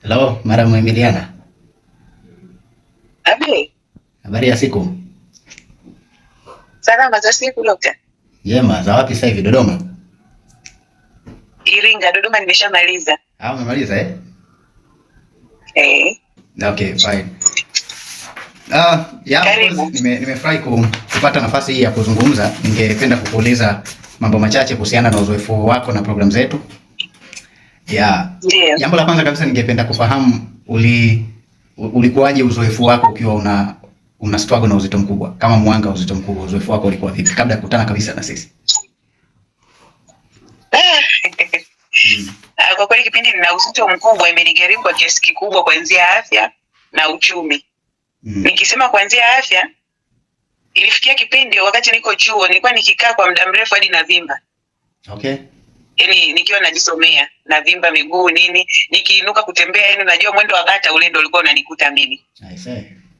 Hello, Madam Emiliana. Abi. Habari ya siku. Salama za siku dokta. Jema, za wapi sasa hivi Dodoma? Iringa, Dodoma nimeshamaliza. Ah, umemaliza eh? Eh. Okay, fine. Ah, ya nime nimefurahi kupata nafasi hii ya kuzungumza. Ningependa kukuuliza mambo machache kuhusiana na uzoefu wako na programu zetu. Yeah. Ndio. Jambo la kwanza kabisa ningependa kufahamu uli ulikuwaje uzoefu wako ukiwa una una struggle na uzito mkubwa? Kama mwanga uzito mkubwa, uzoefu wako ulikuwa vipi kabla ya kukutana kabisa na sisi? Mm. Kwa kweli kipindi nina uzito mkubwa imenigharimu kwa kiasi kikubwa kuanzia afya na uchumi. Mm. Nikisema kuanzia afya ilifikia kipindi wakati niko chuo nilikuwa nikikaa kwa muda mrefu hadi na vimba. Okay yani nikiwa najisomea na vimba miguu nini, nikiinuka kutembea, yani najua mwendo wa bata ule ndo ulikuwa unanikuta mimi.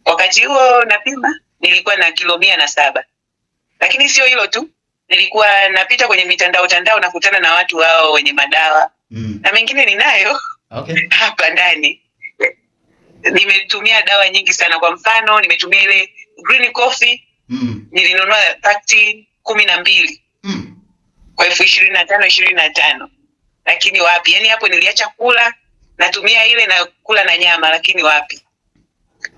Wakati huo napima nilikuwa na kilo mia na saba, lakini sio hilo tu, nilikuwa napita kwenye mitandao tandao nakutana na watu wao wenye madawa mm. na mengine ninayo okay. hapa ndani nimetumia dawa nyingi sana. Kwa mfano nimetumia ile green coffee mm. nilinunua pakti kumi na mbili kwa elfu ishirini na tano ishirini na tano lakini wapi? Yani hapo niliacha kula natumia ile na kula na nyama, lakini wapi,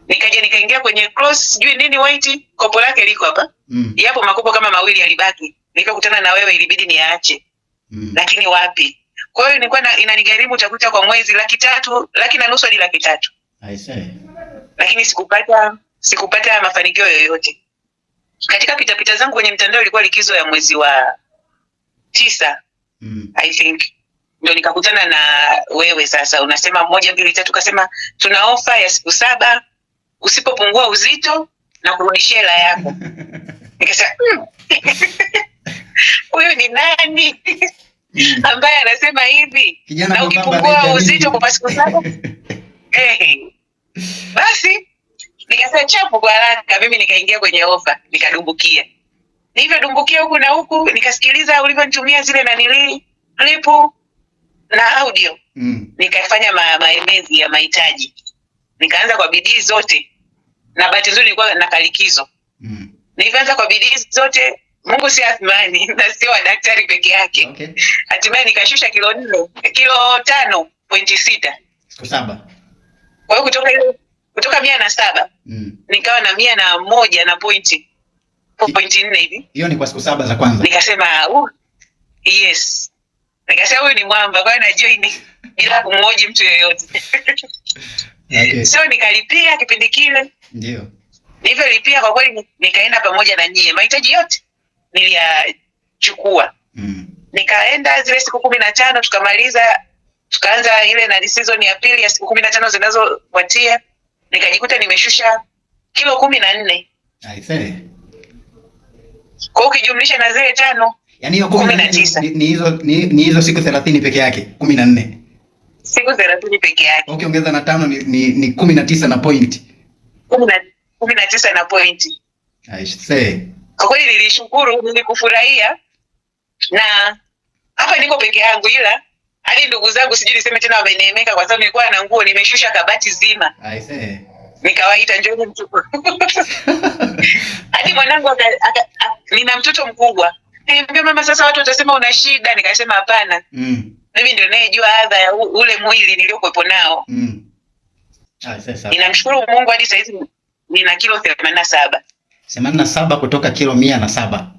nikaja nikaingia kwenye cross sijui nini white, kopo lake liko hapa mm. yapo makopo kama mawili yalibaki, nikakutana na wewe, ilibidi niache mm. lakini wapi. Kwa hiyo nilikuwa inanigharimu utakuta kwa mwezi laki tatu laki na nusu hadi laki tatu I say. Lakini sikupata sikupata mafanikio yoyote katika pitapita zangu kwenye mtandao. Ilikuwa likizo ya mwezi wa tisa mm. I think ndo nikakutana na wewe sasa, unasema moja mbili tatu, kasema tuna ofa ya siku saba usipopungua uzito na kurudishia hela yako. Nikasema hmm. huyu ni nani mm. ambaye anasema hivi, na ukipungua uzito kwa siku saba eh, basi nikasema chapu kwa haraka, mimi nikaingia kwenye ofa nikadumbukia nilivyodungukia huku na huku nikasikiliza ulivyonitumia zile nanili klipu na audio mm. Nikafanya ma maelezi ya mahitaji, nikaanza kwa bidii zote, na bahati nzuri nilikuwa na kalikizo mm. Nilivyoanza kwa bidii zote, Mungu si athmani na sio daktari peke yake okay. Hatimaye nikashusha kilo nne kilo tano pointi sita kwa hiyo kutoka kutoka mia na saba mm. nikawa na mia na moja na pointi pointi hivi. Hiyo ni kwa siku saba za kwanza. Nikasema uh, yes, nikasema huyu ni mwamba, kwa hiyo najua ni bila kumhoji mtu yeyote okay. So nikalipia kipindi kile, ndio nilivyolipia kwa kweli, nikaenda pamoja na nyie, mahitaji yote niliyachukua. mm. Nikaenda zile siku kumi na tano tukamaliza, tukaanza ile na season ya pili ya siku kumi na tano zinazofuatia nikajikuta nimeshusha kilo kumi na nne. Kwa ukijumlisha na zile tano yani hiyo kumi na tisa ni hizo ni, ni hizo siku 30 peke yake 14. Siku 30 peke yake. Ukiongeza okay, na tano ni ni, ni 19 na na point. 19 na point. Aisee. Kwa kweli nilishukuru, nilikufurahia na hapa niko peke yangu ila hadi ndugu zangu sijui niseme tena wameneemeka kwa sababu nilikuwa na nguo nimeshusha kabati zima. Aisee nikawaita njoni mchukue. Hadi mwanangu nina mtoto mkubwa, niambia mama, sasa watu watasema una shida. Nikasema hapana, mm. mimi ndio nayejua adha ya ule mwili niliokuwepo nao mm. Ah, Ninamshukuru Mungu hadi saizi nina kilo themani na saba na saba kutoka kilo mia na saba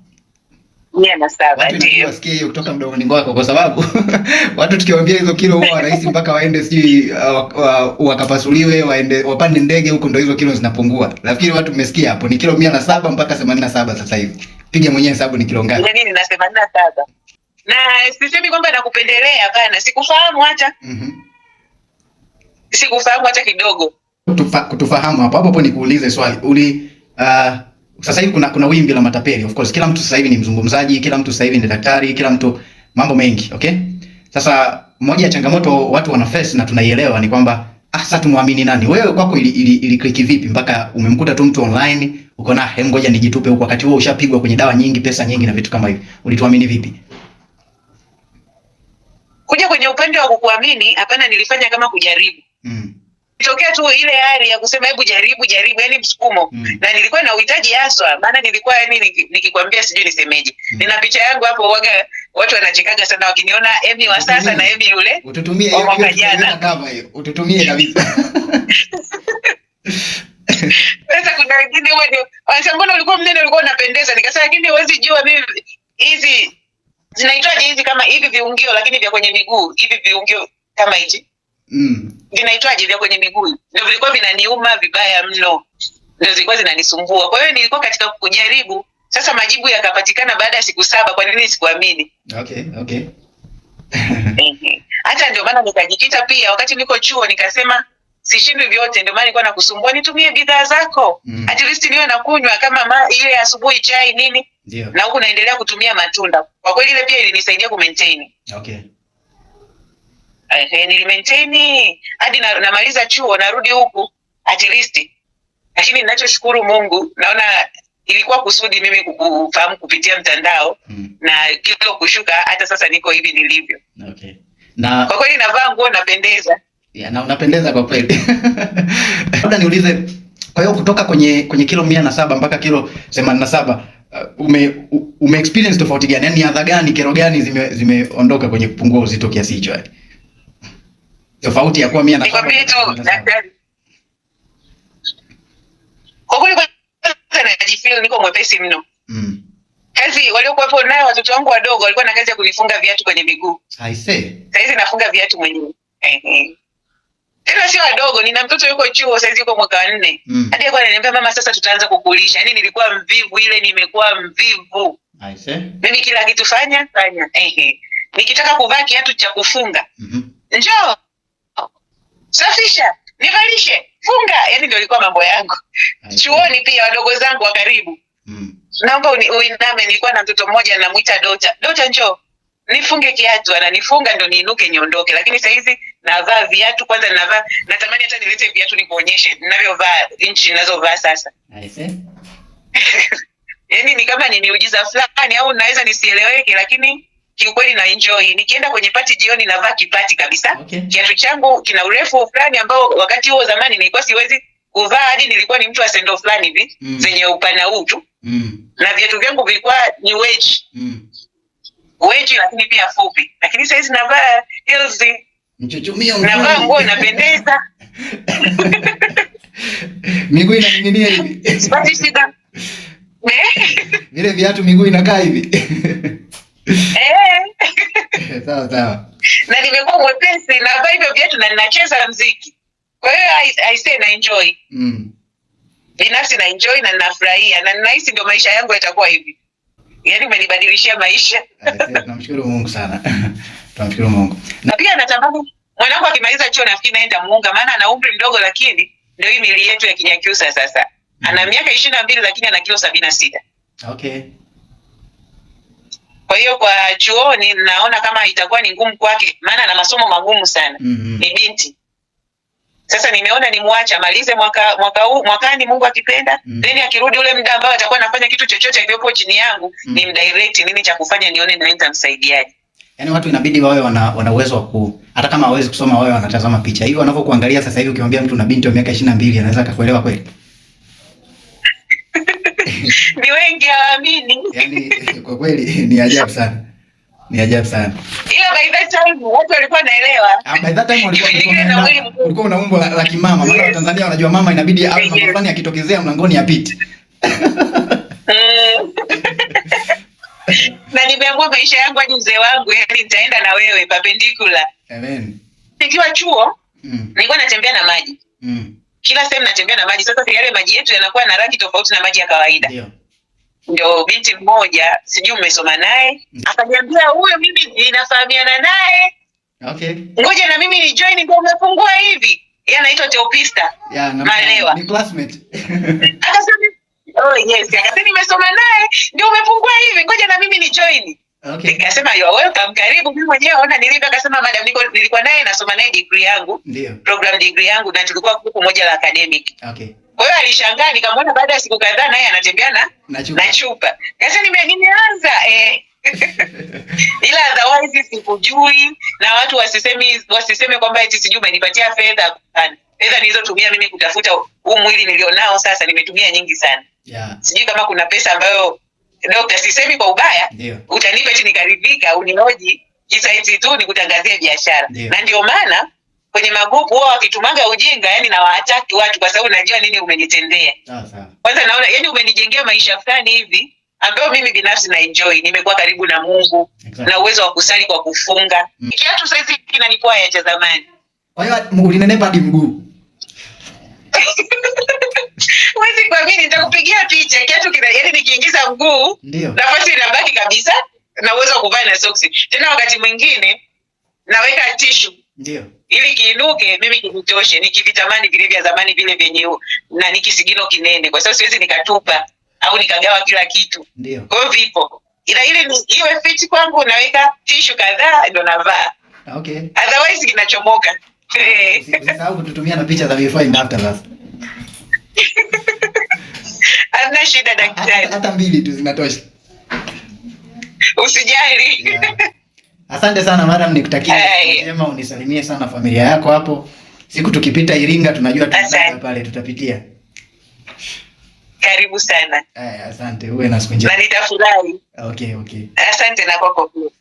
mia na saba ndio wasikie hiyo kutoka mdomoni kwako, kwa sababu watu tukiwaambia hizo kilo huwa wanahisi mpaka waende sijui uh, uh, wakapasuliwe, waende wapande ndege huko, ndio hizo kilo zinapungua. Nafikiri watu mmesikia hapo, ni kilo mia na saba mpaka themanini na saba sasa hivi. Piga mwenyewe hesabu ni kilo ngapi? Mimi nina themanini na saba na sisemi kwamba nakupendelea kana, sikufahamu hata mm -hmm. sikufahamu hata kidogo. Kutufa, kutufahamu hapo hapo, nikuulize swali uli uh, sasa hivi kuna kuna wimbi la matapeli. Of course kila mtu sasa hivi ni mzungumzaji, kila mtu sasa hivi ni daktari, kila mtu mambo mengi, okay? Sasa moja ya changamoto watu wana face na tunaielewa ni kwamba ah, sasa tumwamini nani? Wewe kwako ili, ili, ili click vipi mpaka umemkuta tu mtu online uko na hem, ngoja nijitupe huko, wakati wewe ushapigwa kwenye dawa nyingi, pesa nyingi na vitu kama hivi. Ulituamini vipi? Kuja kwenye upande wa kukuamini, hapana, nilifanya kama kujaribu. Mm ilitokea tu ile hali ya kusema hebu jaribu jaribu, yani msukumo mm. na nilikuwa na uhitaji haswa, maana nilikuwa yani nikikwambia sijui nisemeje mm. nina picha yangu hapo waga watu wanachekaga sana wakiniona Emi wa sasa na Emi yule ututumie wa mwaka jana kama hiyo ututumie kabisa sasa kuna wengine wao wanasema mbona ulikuwa mnene ulikuwa unapendeza, nikasema lakini huwezi jua mimi hizi zinaitwaje hizi kama hivi viungio, lakini vya kwenye miguu hivi viungio kama hichi mm. vinaitwaje vya kwenye miguu, ndio vilikuwa vinaniuma vibaya mno, ndio zilikuwa zinanisumbua. Kwa hiyo nilikuwa katika kujaribu sasa, majibu yakapatikana baada ya siku saba. Kwa nini sikuamini? okay, okay. hata ndio maana nikajikita pia, wakati niko chuo nikasema sishindwi vyote, ndio maana nilikuwa nakusumbua, nitumie bidhaa zako mm. at least niwe nakunywa kama ma, ile asubuhi chai nini, Dio. na huku naendelea kutumia matunda. Kwa kweli ile pia ilinisaidia kumaintain. okay eh, eh nilimaintain hadi na, namaliza chuo narudi huku at least. Lakini ninachoshukuru Mungu naona ilikuwa kusudi mimi kufahamu kupitia mtandao mm. na kilo kushuka, hata sasa niko hivi nilivyo. Okay. Na kwa kweli navaa nguo napendeza. Yeah, na unapendeza kwa kweli. Labda niulize, kwa hiyo kutoka kwenye kwenye kilo mia na saba mpaka kilo themani na saba uh, ume ume experience tofauti gani? yani ni adha gani, kero gani zimeondoka zime kwenye kupungua uzito kiasi hicho? tofauti ya kuwa mimi na tu niko mwepesi mno. Mm. Kazi waliokuwepo nayo watoto wangu wadogo walikuwa na kazi ya kunifunga viatu kwenye miguu. I Saizi nafunga viatu mwenyewe. Tena sio wadogo, nina mtoto yuko chuo saizi yuko mwaka wanne nne. Mm. Hadi alikuwa ananiambia mama, sasa tutaanza kukulisha. Yani nilikuwa mvivu ile, nimekuwa mvivu. Mimi kila kitu fanya fanya. Nikitaka kuvaa kiatu cha kufunga. mm -hmm. Njoo safisha, nivalishe, funga. Yani ndio ilikuwa mambo yangu okay. chuoni. Pia wadogo zangu wa karibu mm. naomba uiname. Nilikuwa na mtoto mmoja namwita Dota, Dota njoo nifunge kiatu, ananifunga ndo niinuke niondoke. Lakini sahizi navaa viatu kwanza, navaa natamani hata nilete viatu nikuonyeshe navyovaa nchi nazovaa sasa. Yani ni kama ni miujiza fulani, au naweza nisieleweke, lakini kiukweli na enjoy. Nikienda kwenye party jioni navaa kipati kabisa. Okay. Kiatu changu kina urefu fulani ambao wakati huo zamani nilikuwa siwezi kuvaa hadi nilikuwa ni mtu wa sendo fulani hivi mm. zenye upana huu tu. Mm. Na viatu vyangu vilikuwa ni wedge. Mm. Wedge lakini pia fupi. Lakini sasa hizi navaa heels. Mchuchumia mguu. Navaa nguo inapendeza. Miguu inaning'inia hivi. Sipati shida. Vile viatu miguu inakaa hivi. Eh, Mm. na nimekuwa mwepesi navaa hivyo viatu na ninacheza mziki, kwa hiyo aisee na enjoy mm. Binafsi na enjoy na ninafurahia na ninahisi ndio maisha yangu yatakuwa hivi, yaani umenibadilishia maisha. Eh, eh, tunamshukuru Mungu sana, tunamshukuru Mungu na pia natamani mwanangu akimaliza chuo, nafikiri naenda muunga, maana ana umri mdogo, lakini ndio hii mili yetu ya kinyakiusa sasa. Ana mm. miaka ishirini na mbili lakini ana kilo sabini na sita. Okay. Kwa hiyo kwa chuoni naona kama itakuwa ni ngumu kwake, maana ana masomo magumu sana mm -hmm. ni binti sasa nimeona nimwache amalize mwaka mwaka huu mwakani, Mungu akipenda mm. Then akirudi ule muda ambao atakuwa anafanya kitu chochote kilichopo chini yangu mm. ni mdirect nini cha kufanya, nione na nitamsaidiaje. Yani watu inabidi wawe wana, wana uwezo wa ku hata kama hawezi kusoma wawe wanatazama picha hiyo wanapokuangalia sasa hivi. Ukimwambia mtu na binti wa miaka 22 anaweza akakuelewa kweli? ni wengi hawaamini. Yani kwa kweli ni ajabu sana, ni ajabu sana ila by that time watu walikuwa naelewa. Ah, by that time walikuwa ulikuwa una umbo la, kimama yes. Maana Tanzania wanajua mama inabidi au mama fulani akitokezea mlangoni apite mm. na nimeamua maisha yangu hadi mzee wangu, yani nitaenda na wewe perpendicular. Amen. Nikiwa chuo mm. nilikuwa natembea na maji mm kila sehemu natembea na maji. Sasa yale maji yetu yanakuwa na rangi tofauti na maji ya kawaida. Ndio, ndio binti mmoja sijui umesoma naye mm. akaniambia huyo mimi ninafahamiana naye okay, ngoja na mimi nijoin, join, ndio umefungua hivi. anaitwa Teopista Malewa, akasema oh yes, akasema nimesoma naye ndio umefungua hivi, ngoja na mimi ni Okay. Nikasema you are welcome, karibu. Mimi mwenyewe ona nilivyo, akasema madam, niko nilikuwa naye nasoma naye degree yangu. Ndio. Program degree yangu na tulikuwa kuku moja la academic. Okay. Kwa hiyo alishangaa, nikamwona baada ya siku kadhaa naye anatembea na na chupa. Kasi nime nimeanza eh ila otherwise sikujui, na watu wasisemi wasiseme kwamba eti sijui umenipatia fedha. Hapana, fedha nilizotumia mimi kutafuta huu mwili nilionao sasa nimetumia nyingi sana. Yeah. Sijui kama kuna pesa ambayo Dokta, sisemi kwa ubaya, utanipa eti nikaridhika, unioji jisaiti tu nikutangazie kutangazia biashara, na ndio maana kwenye magrupu wao wakitumanga ujinga, yani na waataki watu, kwa sababu najua nini umenitendea. Ah, Kwanza naona yani umenijengea maisha fulani hivi ambayo mimi binafsi na enjoy, nimekuwa karibu na Mungu exactly. na uwezo wa kusali kwa kufunga mm. kiatu sasa hivi kinanipoa ya cha zamani. Kwa hiyo ulinenepa hadi mguu Huwezi kuamini, nitakupigia picha kiatu kina, yani nikiingiza mguu nafasi inabaki kabisa, na uwezo wa kuvaa na soksi. Tena wakati mwingine naweka tishu ndio ili kiinuke, mimi kinitoshe, nikivitamani vile vya zamani vile vyenye na nikisigino kinene, kwa sababu siwezi nikatupa au nikagawa kila kitu. Ndio kwa hiyo vipo, ila ile ni iwe fit kwangu, naweka tishu kadhaa ndio navaa. Ah, okay, otherwise kinachomoka. Ah, usisahau kututumia na picha za before and after sasa. hamna shida daktari, hata mbili tu zinatosha. Usijali yeah. Asante sana madam, nikutakia njema, unisalimie sana familia yako hapo. Siku tukipita Iringa, tunajua tunaenda pale, tutapitia. Karibu sana. Ay, asante, uwe na siku njema. Na nitafurahi. Okay, okay. Asante na kwako pia.